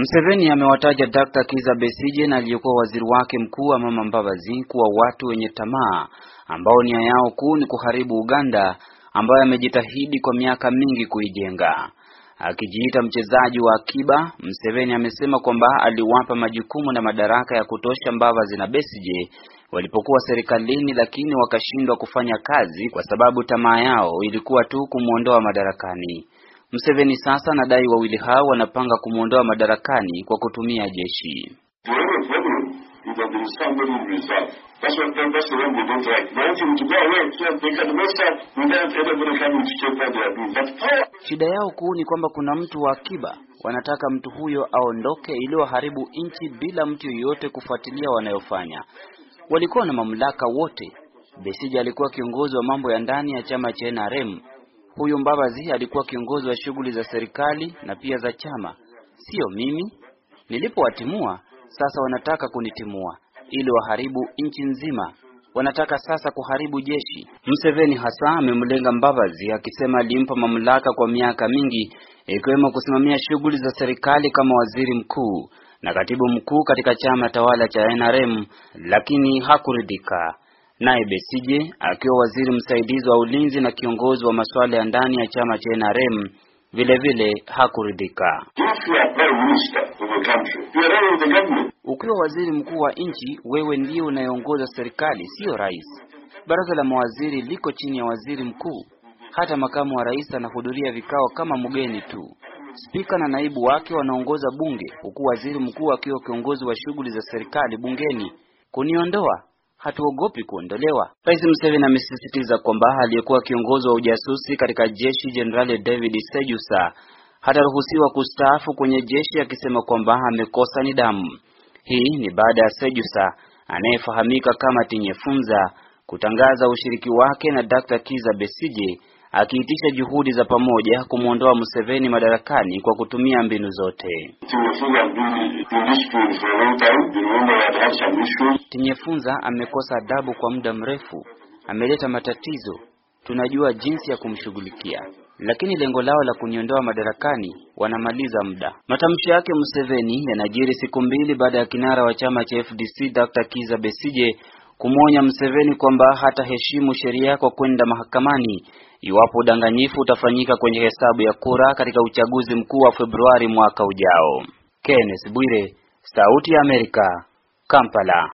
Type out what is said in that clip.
Mseveni amewataja Dr. Kiza Besije na aliyekuwa waziri wake mkuu Amama Mbabazi kuwa watu wenye tamaa ambao nia yao kuu ni kuharibu Uganda ambayo amejitahidi kwa miaka mingi kuijenga. Akijiita mchezaji wa akiba, Mseveni amesema kwamba aliwapa majukumu na madaraka ya kutosha Mbabazi na Besije walipokuwa serikalini, lakini wakashindwa kufanya kazi kwa sababu tamaa yao ilikuwa tu kumwondoa madarakani. Mseveni sasa anadai wawili hao wanapanga kumwondoa madarakani kwa kutumia jeshi. Shida yao kuu ni kwamba kuna mtu wa akiba, wanataka mtu huyo aondoke ili waharibu nchi bila mtu yoyote kufuatilia wanayofanya. Walikuwa na mamlaka wote. Besija alikuwa kiongozi wa mambo ya ndani ya chama cha NRM Huyu Mbabazi alikuwa kiongozi wa shughuli za serikali na pia za chama, sio mimi. Nilipowatimua sasa wanataka kunitimua ili waharibu nchi nzima. Wanataka sasa kuharibu jeshi. mseveni hasa amemlenga Mbabazi akisema alimpa mamlaka kwa miaka mingi, ikiwemo kusimamia shughuli za serikali kama waziri mkuu na katibu mkuu katika chama tawala cha NRM, lakini hakuridhika. Naye Besije akiwa waziri msaidizi wa ulinzi na kiongozi wa masuala ya ndani ya chama cha NRM vile vile hakuridhika. Ukiwa waziri mkuu wa nchi, wewe ndiye unayeongoza serikali, siyo rais. Baraza la mawaziri liko chini ya waziri mkuu. Hata makamu wa rais anahudhuria vikao kama mgeni tu. Spika na naibu wake wanaongoza bunge, huku waziri mkuu akiwa kiongozi wa shughuli za serikali bungeni. Kuniondoa hatuogopi kuondolewa. Rais Museveni amesisitiza kwamba aliyekuwa kiongozi wa ujasusi katika jeshi Jenerali David Sejusa hataruhusiwa kustaafu kwenye jeshi, akisema kwamba amekosa nidhamu. Hii ni baada ya Sejusa anayefahamika kama Tinyefunza kutangaza ushiriki wake na Dr. Kiza Besije akiitisha juhudi za pamoja kumwondoa Museveni madarakani kwa kutumia mbinu zote. Tinyefunza amekosa adabu kwa muda mrefu, ameleta matatizo. Tunajua jinsi ya kumshughulikia, lakini lengo lao la kuniondoa madarakani wanamaliza muda. Matamshi yake Museveni yanajiri siku mbili baada ya kinara wa chama cha FDC Dr. Kiza Besije kumwonya Museveni kwamba hataheshimu sheria kwa kwenda mahakamani iwapo udanganyifu utafanyika kwenye hesabu ya kura katika uchaguzi mkuu wa Februari mwaka ujao. Kenneth Bwire, Sauti ya Amerika, Kampala